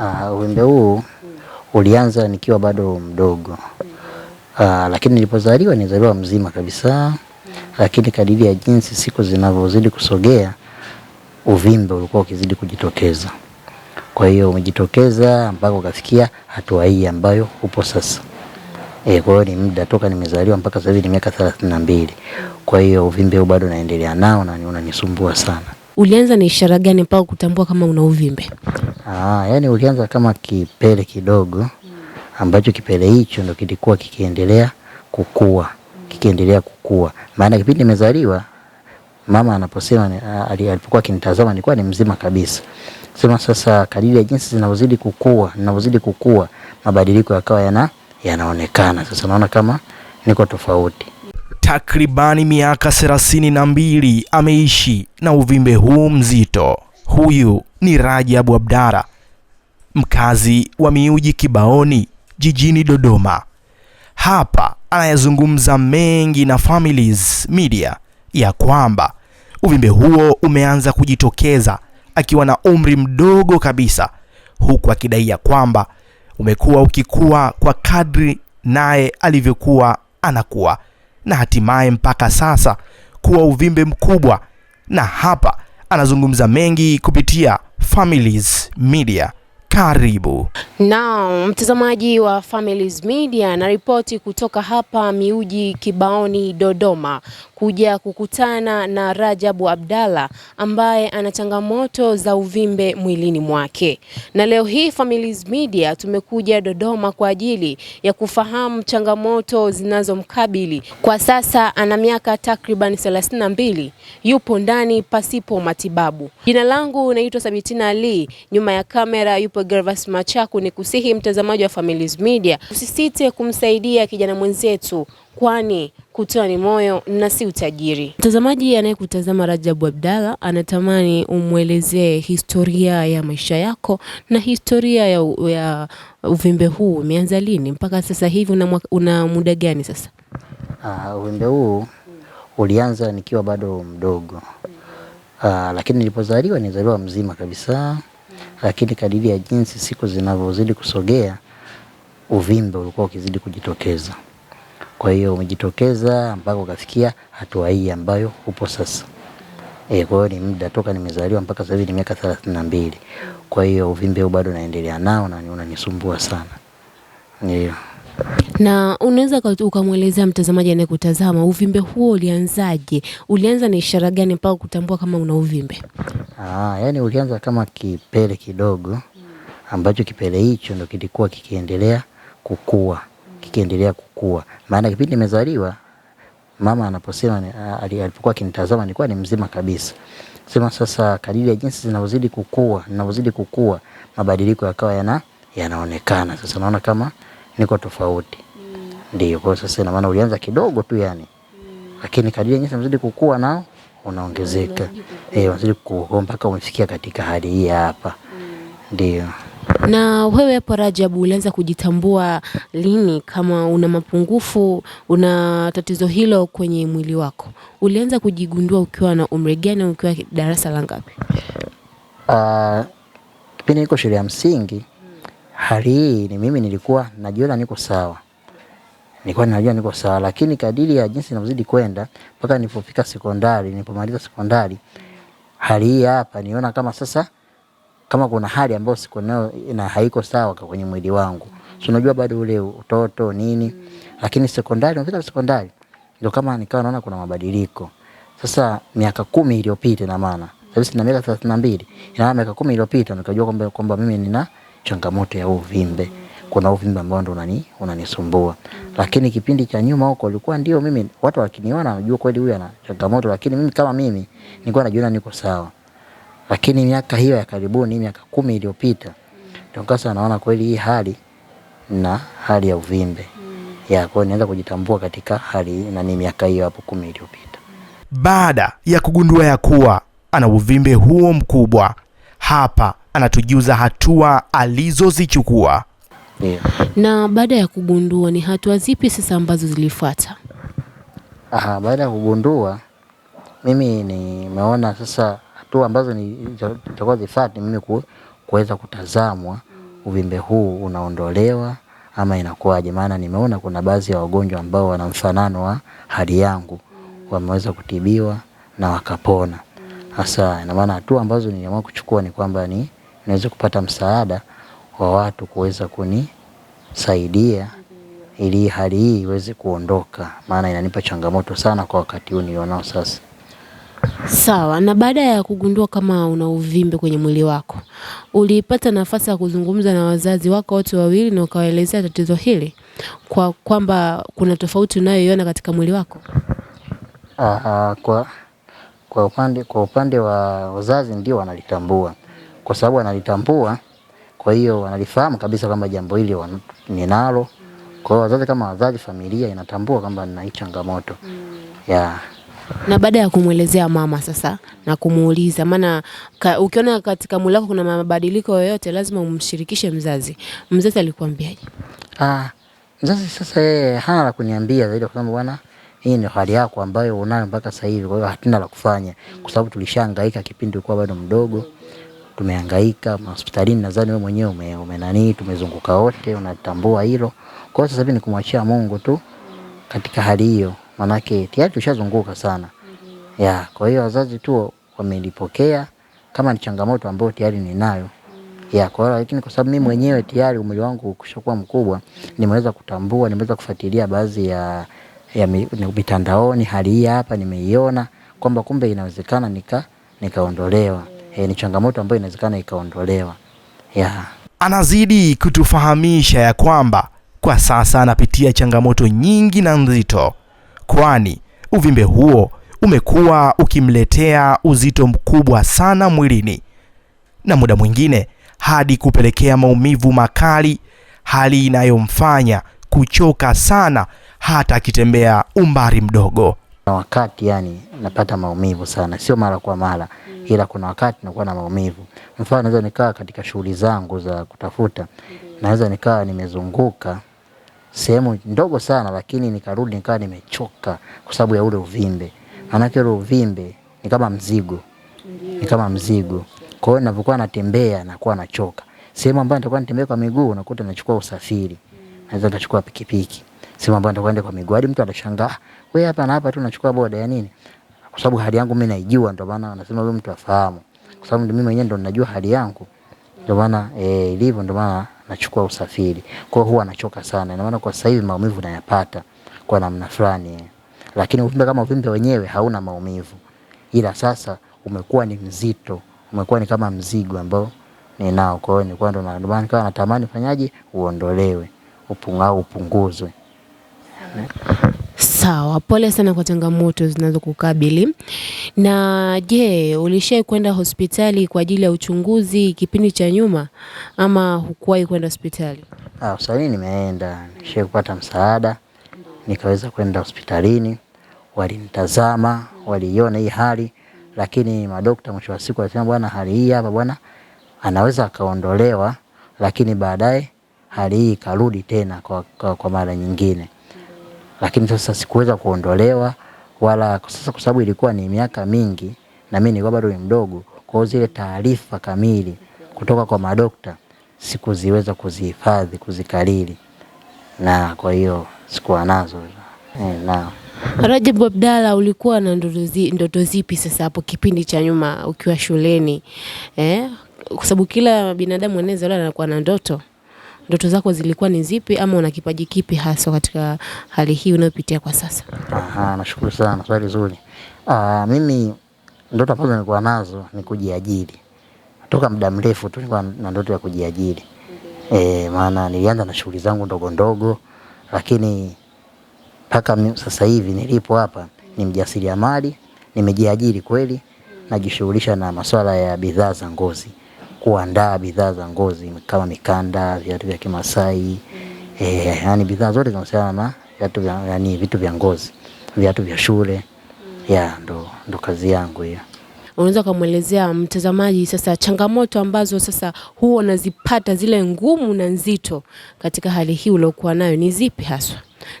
Uh, huu ulianza nikiwa bado mdogo uh, lakini nilipozaliwa nilizaliwa mzima kabisa, lakini kadiri ya jinsi siku zinavyozidi kusogea uvimbe ulikuwa ukizidi kujitokeza. Kwa hiyo umejitokeza mpaka ukafikia hatua hii ambayo upo sasa. E, kwa hiyo ni muda toka nimezaliwa mpaka sasa hivi ni miaka thelathini na mbili. Kwa hiyo uvimbe huu bado naendelea nao na unanisumbua sana. Ulianza na ishara gani mpaka kutambua kama una uvimbe? Ah, yani ulianza kama kipele kidogo ambacho kipele hicho ndo kilikuwa kikiendelea kukua kikiendelea kukua, maana kipindi nimezaliwa mama anaposema alipokuwa akinitazama nilikuwa ni mzima kabisa. Sema sasa kadiri ya jinsi zinavyozidi kukua ninavyozidi kukua mabadiliko yakawa yana yanaonekana sasa, naona kama niko tofauti. Takribani miaka thelathini na mbili ameishi na uvimbe huu mzito. Huyu ni Rajabu Abdara, mkazi wa Miuji Kibaoni jijini Dodoma. Hapa anayazungumza mengi na Families Media ya kwamba uvimbe huo umeanza kujitokeza akiwa na umri mdogo kabisa, huku akidai ya kwamba umekuwa ukikua kwa kadri naye alivyokuwa anakuwa na hatimaye mpaka sasa kuwa uvimbe mkubwa, na hapa anazungumza mengi kupitia Families Media. Karibu naam, mtazamaji wa Families Media, ripoti kutoka hapa Miuji Kibaoni, Dodoma, kuja kukutana na Rajabu Abdalla ambaye ana changamoto za uvimbe mwilini mwake, na leo hii Families Media tumekuja Dodoma kwa ajili ya kufahamu changamoto zinazomkabili kwa sasa. Ana miaka takriban 32, yupo ndani pasipo matibabu. Jina langu naitwa Sabitina Ali, nyuma ya kamera yupo kwa Gervas Machaku, ni kusihi mtazamaji wa Families Media usisite kumsaidia kijana mwenzetu, kwani kutoa ni moyo na si utajiri. Mtazamaji anayekutazama Rajabu Abdalla anatamani umwelezee historia ya maisha yako na historia ya, ya uvimbe huu umeanza lini mpaka sasa hivi, una, una muda gani sasa? Uh, uvimbe huu ulianza nikiwa bado mdogo. Uh, lakini nilipozaliwa nilizaliwa mzima kabisa lakini kadiri ya jinsi siku zinavyozidi kusogea, uvimbe ulikuwa ukizidi kujitokeza. Kwa hiyo umejitokeza mpaka ukafikia hatua hii ambayo upo sasa. E, kwa hiyo ni muda toka nimezaliwa mpaka sasa hivi ni miaka thelathini na mbili. Kwa hiyo uvimbe huu bado naendelea nao na unanisumbua sana. Ndio. Na unaweza ukamwelezea mtazamaji anayekutazama uvimbe huo ulianzaje? Ulianza na ishara gani mpaka kutambua kama una uvimbe? Ah, yani ulianza kama kipele kidogo ambacho kipele hicho ndo kilikuwa kikiendelea kukua kikiendelea kukua, maana kipindi nimezaliwa mama anaposema alipokuwa akinitazama nilikuwa ni mzima kabisa. Sema sasa kadiri ya jinsi zinavyozidi kukua, zinavyozidi kukua, mabadiliko yakawa yana yanaonekana. Sasa naona kama niko tofauti mm. Ndio kwa sasa, ina maana ulianza kidogo tu yani mm. Lakini kadri nyinyi mzidi kukua nao unaongezeka eh, mzidi kukua mpaka umefikia katika hali hii hapa mm. Ndio. Na wewe hapo Rajabu, ulianza kujitambua lini kama una mapungufu, una tatizo hilo kwenye mwili wako? Ulianza kujigundua ukiwa na umri gani, ukiwa darasa la ngapi? Uh, kipindi niko shule ya msingi hali hii ni mimi nilikuwa najiona niko sawa, nilikuwa najua niko sawa, lakini kadiri ya jinsi inavyozidi kwenda mpaka nilipofika sekondari, nilipomaliza sekondari, hali hii hapa niona kama sasa kama kuna hali ambayo siko nayo na haiko sawa kwa kwenye mwili wangu. So unajua bado ule utoto nini, lakini sekondari, nilipofika sekondari ndio kama nikawa naona kuna mabadiliko. Sasa miaka kumi iliyopita, na maana sasa na miaka 32 na miaka kumi iliyopita nikajua kwamba kwamba mimi nina changamoto ya uvimbe. Kuna uvimbe ambao ndo unani unanisumbua. Lakini kipindi cha nyuma huko ilikuwa ndio mimi watu wakiniona wanajua kweli huyu ana changamoto, lakini mimi kama mimi nilikuwa najiona niko sawa. Lakini miaka hiyo ya karibuni, miaka kumi iliyopita ndio kasa naona kweli hii hali na hali ya uvimbe ya kwa nianza kujitambua katika hali na ni miaka hiyo hapo kumi iliyopita. Baada ya kugundua ya kuwa ana uvimbe huo mkubwa, hapa anatujuza hatua alizozichukua. Yeah. Na baada ya kugundua ni hatua zipi sasa ambazo zilifuata? Aha, baada ya kugundua mimi nimeona sasa hatua ambazo nitakuwa zifuate mimi kuweza kutazamwa uvimbe huu unaondolewa ama inakuwaje, maana nimeona kuna baadhi ya wagonjwa ambao wana mfanano wa hali yangu wameweza kutibiwa na wakapona. Hasa ina maana hatua ambazo niliamua kuchukua ni kwamba ni niweze kupata msaada wa watu kuweza kunisaidia ili hali hii iweze kuondoka, maana inanipa changamoto sana kwa wakati huu nilionao sasa. Sawa. Na baada ya kugundua kama una uvimbe kwenye mwili wako, ulipata nafasi ya kuzungumza na wazazi wako wote wawili na ukawaelezea tatizo hili kwa kwamba kuna tofauti unayoiona katika mwili wako? Aa, ah, ah, kwa, kwa upande, kwa upande wa wazazi ndio wanalitambua kwa sababu analitambua. Kwa hiyo analifahamu kabisa kwamba jambo hili ninalo. Kwa hiyo wazazi kama wazazi, familia inatambua kwamba nina hii changamoto mm. yeah. Na baada ya kumwelezea mama sasa na kumuuliza, maana ka, ukiona katika mwili wako kuna mabadiliko yoyote lazima umshirikishe mzazi. Mzazi alikuambiaje? Ah, mzazi sasa yeye hana la kuniambia zaidi kwa sababu bwana, hii ni hali yako ambayo unayo mpaka sasa hivi, kwa hiyo hatuna la kufanya, kwa sababu tulishangaika kipindi ulikuwa bado mdogo tumehangaika hospitalini, nadhani wewe mwenyewe ume, ume nani, tumezunguka wote, unatambua hilo. Kwa sasa hivi ni kumwachia Mungu tu katika hali hiyo, manake tayari tushazunguka sana ya. Kwa hiyo wazazi tu wamelipokea kama ni changamoto ambayo tayari ninayo mm. ya kwa hiyo lakini kwa sababu mimi mwenyewe tayari umri wangu ukishakuwa mkubwa, nimeweza kutambua, nimeweza kufuatilia baadhi ya, ya mitandaoni hali hii hapa nimeiona kwamba kumbe inawezekana nika nikaondolewa e, ni changamoto ambayo inawezekana ikaondolewa. Yeah. Anazidi kutufahamisha ya kwamba kwa sasa anapitia changamoto nyingi na nzito, kwani uvimbe huo umekuwa ukimletea uzito mkubwa sana mwilini na muda mwingine hadi kupelekea maumivu makali, hali inayomfanya kuchoka sana hata akitembea umbali mdogo kuna wakati yani napata maumivu sana, sio mara kwa mara mm. ila kuna wakati nakuwa na maumivu. Mfano naweza nikaa katika shughuli zangu za kutafuta mm. naweza nikaa nimezunguka sehemu ndogo sana, lakini nikarudi nikaa nimechoka kwa sababu ya ule uvimbe mm. manake ule uvimbe ni kama mzigo mm. ni kama mzigo. Kwa hiyo ninapokuwa natembea nakuwa nachoka. Sehemu ambayo nitakuwa natembea kwa miguu nakuta nachukua usafiri mm. naweza nikachukua pikipiki si mambo ndio kwenda kwa miguu, hadi mtu anashangaa wewe, hapa na hapa tu unachukua boda ya nini? Kwa sababu hali yangu mimi naijua, ndio maana anasema wewe mtu afahamu, kwa sababu mimi mwenyewe ndio ninajua hali yangu, ndio maana eh, ilivyo, ndio maana nachukua usafiri. Kwa hiyo huwa nachoka sana, ina maana kwa sasa hivi maumivu nayapata kwa namna fulani, lakini uvimbe kama uvimbe wenyewe hauna maumivu, ila sasa umekuwa ni mzito, umekuwa ni kama mzigo ambao ninao. Kwa hiyo ni kwa ndo maana natamani fanyaje, uondolewe upungao, upunguzwe. Sawa, pole sana kwa changamoto zinazokukabili. Na je, ulishai kwenda hospitali kwa ajili ya uchunguzi kipindi cha nyuma ama hukuwahi kwenda hospitali? Ah, hospitalini nimeenda, nishai kupata msaada, nikaweza kwenda hospitalini, walinitazama, waliiona hii hali, lakini madokta mwisho wa siku walisema bwana, hali hii hapa bwana anaweza akaondolewa, lakini baadaye hali hii ikarudi tena kwa, kwa, kwa mara nyingine lakini sasa sikuweza kuondolewa wala sasa, kwa sababu ilikuwa ni miaka mingi na mimi nilikuwa bado ni mdogo, kwa hiyo zile taarifa kamili kutoka kwa madokta sikuziweza kuzihifadhi, kuzikariri, na kwa hiyo sikuwa nazo e, na Rajabu Abdalla, ulikuwa na ndoto zipi sasa hapo kipindi cha nyuma ukiwa shuleni eh? Kwa sababu kila binadamu anaweza anakuwa na ndoto ndoto zako zilikuwa ni zipi, ama una kipaji kipi hasa katika hali hii unayopitia kwa sasa? Aha, nashukuru sana, swali zuri. Aa, ah, mimi ndoto ambazo nilikuwa nazo ni kujiajiri toka muda mrefu tu, nilikuwa na ndoto ya kujiajiri E, maana nilianza na shughuli zangu ndogo ndogo, lakini mpaka sasa hivi nilipo hapa ni mjasiriamali, nimejiajiri kweli, najishughulisha na masuala ya bidhaa za ngozi kuandaa bidhaa za ngozi kama mikanda, viatu vya Kimasai mm. eh, yani bidhaa zote zinahusiana na viatu vya yani vitu vya ngozi, viatu vya shule mm. ya ndo, ndo kazi yangu hiyo. Unaweza ukamwelezea mtazamaji sasa changamoto ambazo sasa huwa unazipata zile ngumu na nzito katika hali hii uliokuwa nayo ni zipi haswa,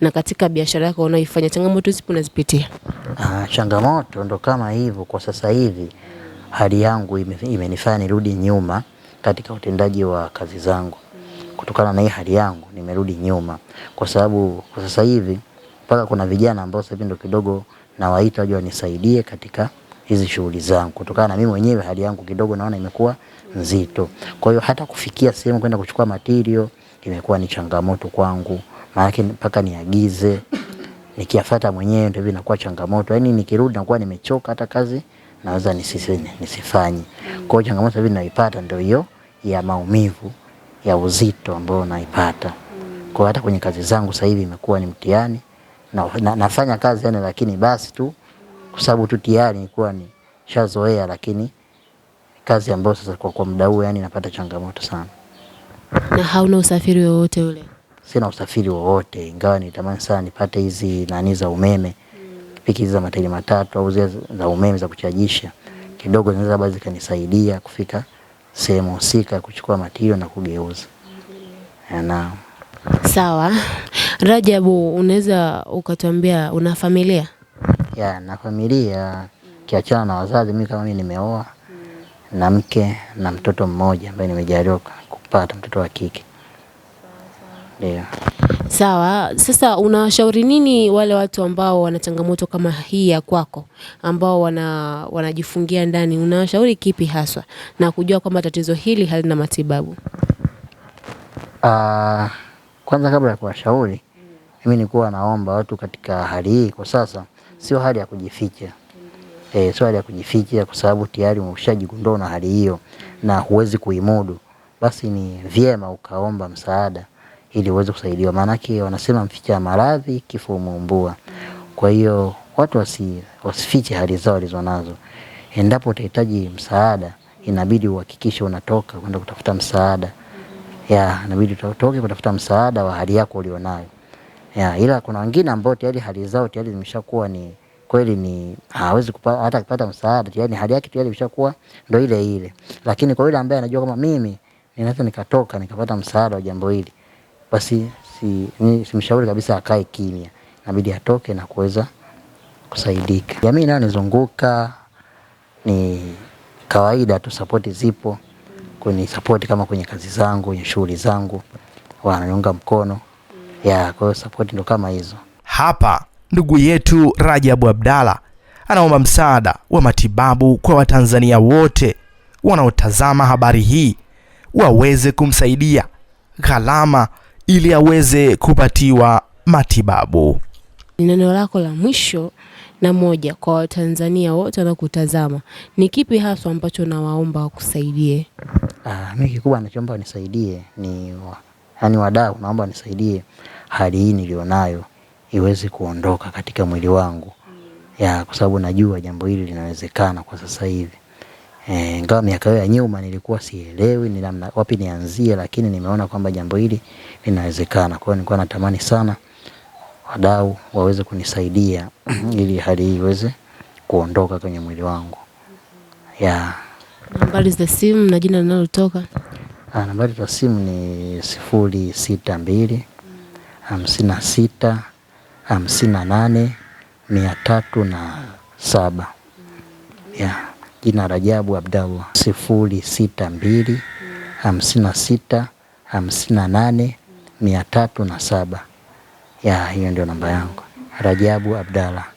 na katika biashara yako unaoifanya changamoto zipi unazipitia? Ah, changamoto ndo kama hivyo kwa sasa hivi hali yangu imenifanya nirudi nyuma katika utendaji wa kazi zangu. Kutokana na hii hali yangu nimerudi nyuma, kwa sababu kwa sasa hivi mpaka kuna vijana ambao sasa hivi ndo kidogo nawaita waje wanisaidie katika hizi shughuli zangu, kutokana na mimi mwenyewe hali yangu kidogo naona imekuwa nzito. Kwa hiyo hata kufikia sehemu kwenda kuchukua matirio imekuwa ni changamoto kwangu, maanake mpaka niagize, nikiafata mwenyewe ndio hivi inakuwa changamoto. Yaani nikirudi nakuwa nimechoka hata kazi naweza nisifanye nisifanye. Kwa hiyo changamoto hivi naipata ndio hiyo ya maumivu ya uzito ambao naipata. Kwa hata kwenye kazi zangu sasa hivi imekuwa ni mtihani na, na, nafanya kazi yani, lakini basi tu kwa sababu tu tayari nilikuwa ni shazoea, lakini kazi ambayo sasa kwa, kwa muda huu yani napata changamoto sana. Na hauna usafiri wowote ule? Sina usafiri wowote, ingawa nitamani sana nipate hizi nani za umeme pikipiki za matairi matatu au zile za umeme za kuchajisha kidogo zinaweza basi zikanisaidia kufika sehemu husika kuchukua matirio na kugeuza. Na sawa, Rajabu, unaweza ukatuambia una familia? Ya, na familia kiachana na wazazi, mimi kama mimi nimeoa na mke na mtoto mmoja ambaye nimejaliwa kupata mtoto wa kike. Ndio. Sawa, sasa unawashauri nini wale watu ambao wana changamoto kama hii ya kwako, ambao wana wanajifungia ndani, unawashauri kipi haswa, na kujua kwamba tatizo hili halina matibabu? Uh, kwanza kabla ya kuwashauri mimi nikuwa naomba watu katika hali hii kwa sasa, sio hali ya kujificha eh, sio hali ya kujificha kwa sababu tayari umeshajigundua na hali hiyo na huwezi kuimudu, basi ni vyema ukaomba msaada ili uweze kusaidiwa, maanake wanasema mficha maradhi kifo umeumbua. Kwa hiyo watu wasi, wasifiche hali zao walizonazo. Endapo utahitaji msaada, inabidi uhakikishe unatoka kwenda kutafuta msaada ya, inabidi utoke kutafuta msaada wa hali yako ulionayo ya, ila kuna wengine ambao tayari hali zao tayari zimeshakuwa ni kweli ni hawezi kupata hata kupata msaada tayari, hali yake tayari imeshakuwa ndo ile ile, lakini kwa yule ambaye anajua kama mimi ninaweza nikatoka nikapata msaada wa jambo hili basi si, simshauri kabisa akae kimya, inabidi atoke na kuweza kusaidika. Jamii inayonizunguka ni kawaida tu, sapoti zipo kwenye sapoti kama kwenye kazi zangu, kwenye shughuli zangu, wananiunga mkono ya, kwa hiyo sapoti ndo kama hizo. Hapa ndugu yetu Rajabu Abdalla anaomba msaada wa matibabu kwa Watanzania wote wanaotazama habari hii waweze kumsaidia gharama ili aweze kupatiwa matibabu. Ni neno lako la mwisho na moja kwa Watanzania wote wanakutazama, ni kipi hasa ambacho nawaomba wakusaidie? Ah, mimi kikubwa nachoomba wanisaidie ni yaani, wadau, naomba wanisaidie hali hii nilionayo iweze kuondoka katika mwili wangu ya, kwa sababu najua jambo hili linawezekana kwa sasa hivi. Ingawa eh, miaka hiyo ya nyuma nilikuwa sielewi ni namna wapi nianzie, lakini nimeona kwamba jambo hili linawezekana. Kwa hiyo nilikuwa natamani sana wadau waweze kunisaidia ili hali hii iweze kuondoka kwenye mwili wangu. Yeah. Nambari za simu na jina linalotoka? Ah, nambari za simu ni sifuri sita mbili hamsini na sita hamsini na nane mia tatu na saba. Yeah jina Rajabu Abdallah sifuri sita mbili hamsini na sita hamsini na nane mia tatu na saba. Ya, hiyo ndio namba yangu Rajabu Abdallah.